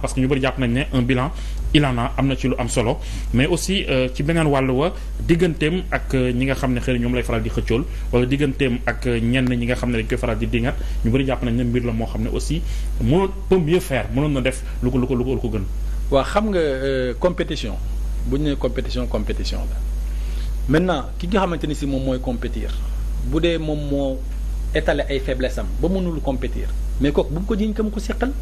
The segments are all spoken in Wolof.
parce que ñu bëri jàpp nañ ne un bilan il en am na ci lu am solo mais aussi euh, ci beneen wàll wa digganteem ak euh, ñi nga xam ne xëy na ñoom lay faral di xëccool wala digganteem ak euh, ñenn ñi nga xam ne dañ koy faral di dingat ñu bëri jàpp nañ ne mbir la moo xam ne aussi mënoon peut mieux faire mënoon na def lu ko lu ko lu ko gën. waa xam nga compétition bu ñu nee compétition compétition la maintenant ki nga xamante ni si moom mooy compétir bu dee moom moo étaler ay faiblesse am ba mënul compétir mais kooku bu mu ko jiñ kam ko seqal.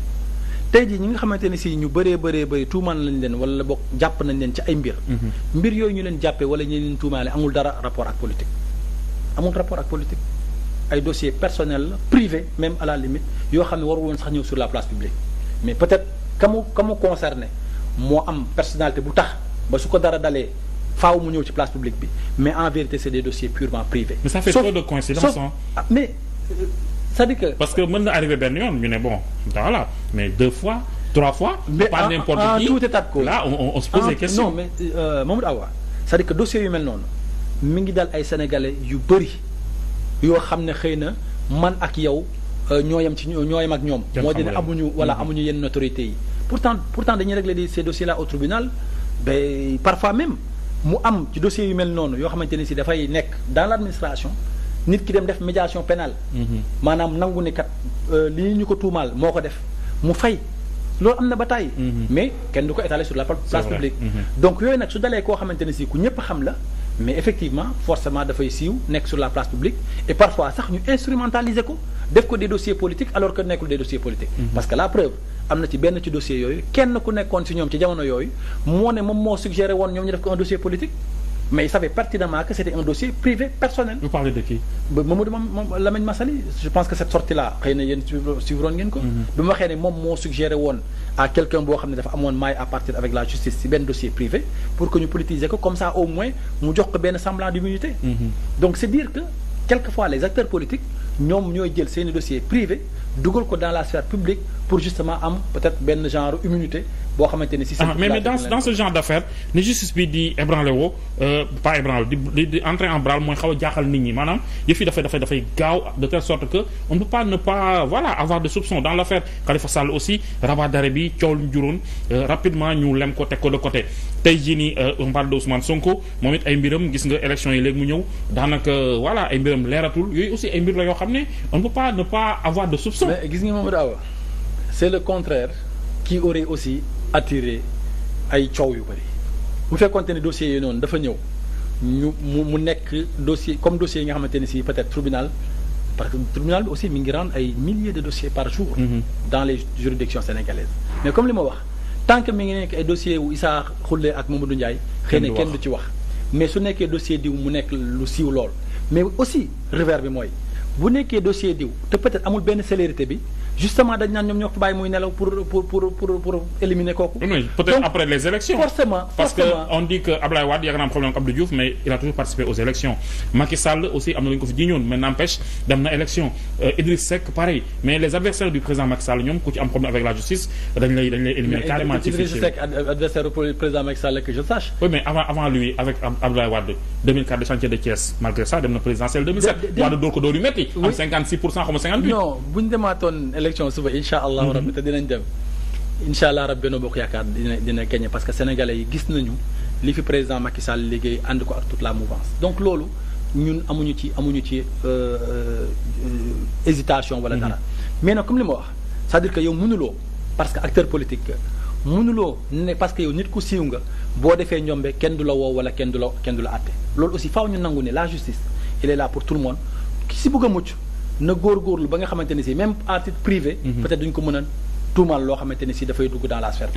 tey jii ñi nga xamante ne sii ñu bëree bëree bëri tuumaan lañ leen wala bokk jàpp nañ leen ci ay mbir. Mhm. mbir yooyu ñu leen jàppee wala ñu leen tuumaale amul dara rapport ak politique amul rapport ak politique ay dossier personnel la privé même à la limite yoo xam ne waru woon sax ñëw sur la place publique mais peut-être ka mu ka mu concerné moo am personnalité bu tax ba su ko dara dalee faaw mu ñëw ci place publique bi mais en vérité c'est des dossiers purement privés. mais ça fait c'est-à-dire parce que mën na arrivé benn yoon ñu ne bon voilà mais deux fois trois fois. mais pas n'importe qui là on, on se pose en, ah, des questions. mais euh, Mamadou Awa cest que dossier yu mel noonu mi ngi dal ay sénégalais yu bëri yoo xam ne xëy na man ak yow euh, ñoo yem ci ñoo yem ak ñoom. moo di ne amuñu wala mm-hmm. amuñu yenn autorités yi. pourtant pourtant dañuy régler di ces dossiers là au tribunal mais parfois même mu am ci dossier yu mel noonu yoo xamante ne si dafay nekk dans l'administration. nit ki dem def médiation pénale mhm. maanaam nangu ne kat euh, lii ñu ko tuumaal moo ko def mu fay loolu am na ba tàyyi mhm. mais kenn du ko étaler sur la place publique mhm. donc yooyu nag su dalee koo xamante ne si ku ñëpp xam la mais effectivement forcément dafay siiw nekk sur la place publique et parfois sax ñu instrumentaliser ko def ko des dossiers politiques alors que nekkul des dossiers politiques parce que la preuve am na ci benn ci dossier yooyu kenn ku nekkoon si ñoom ci jamono yooyu moo ne moom moo suggéré woon ñoom ñu mais il savait pertinemment que c'était un dossier privé personnel. vous parlez de moom Lamine Massaly je pense que cette sortie là xëy na yéen suivroon ngeen ko. bi mu waxee ne moom moo suggéré woon à quelqu'un boo xam ne dafa amoon maille à partir avec la justice ci benn dossier privé pour que ñu politiser ko comme ça au moins mu jox ko benn semblant d'immunité. Mhm. donc c'est dire que quelquefois les acteurs politiques ñoom ñooy jël seeni dossier privé pour justement am peut-être benn genre immunité. boo xamante ne si seen. Ah, mais mais dans dans ce genre d' affaire ne justice bi di ébranlé woo euh, pas ébranlé di di entrer en branle mooy xaw a jaaxal nit ñi maanaam yëf yi dafay dafay dafay gaaw de telle sorte que on ne peut pas ne pas voilà avoir de soupçons dans l' affaire Khalifa Sall aussi rabat d'arrêt bi coow lu juróon euh, rapidement ñu lem ko teg ko de côté tey jii nii on euh, parle de Ousmane Sonko moom it ay mbiram gis nga élection yi léegi mu ñëw daanaka voilà ay mbiram leeratul yooyu aussi ay mbir la yoo xam ne on ne peut pas pas avoir de soupçons. mais gis nga moom daaw contraire qui aurait aussi. attiré ay coow yu bëri bu fekkonte ne dossiers yi noonu dafa ñëw ñu mu mu nekk dossier comme dossier yi nga xamante ne si peut-être tribunal parce que tribunal bi aussi mi ngi rendre ay milliers de dossiers par jour mm-hmm. dans les juridictions sénégalaises mais comme li ma wax tant que mi ngi nekk ay dossier wu Issa Khoulé ak Mamadou Ndiaye xëy na kenn du ci wax mais su nekkee dossier diw mu nekk lu siiw lool mais aussi revers bi mooy bu nekkee dossier diw te peut-être amul benn célérité bi justement dañ naan ñoom ñoo ko bàyyi pour pour pour pour pour peut-être après les élections forcément parce que on dit que Ablaye Wade yàgg na am problème ak Abdou Diouf mais il a toujours participé aux élections Macky aussi am mais n'empêche dem na élection euh, Idriss Seck pareil mais les adversaires du président Macky Sall ñoom ku problème avec la justice dañ lay dañ lay éliminer président Macky Sall que ma élection suba incha allahu mhm. rabbi te dinañ dem incha allah rabbi Benno Bokk Yaakaar dina dina gagné parce que sénégalais yi gis nañu li fi président Macky Sall liggéey ànd ko ak toute la mouvance donc loolu ñun amuñu ci amuñu ci euh, euh, hésitation wala mhm. dara mais na comme li ma wax c'est-à-dire que yow mënuloo parce que acteur politique mënuloo ne parce que yow nit ku siiw nga boo defee njombe kenn du la woo wala kenn du la kenn du la àtte loolu aussi faaw ñu nangu ne la justice il est là pour tout le monde ki si na góorgóorlu ba nga xamante ne si même à titre privé. Mhm. peut-être duñ ko mën tuumaal loo xamante ne si dafay dugg dans la sphère.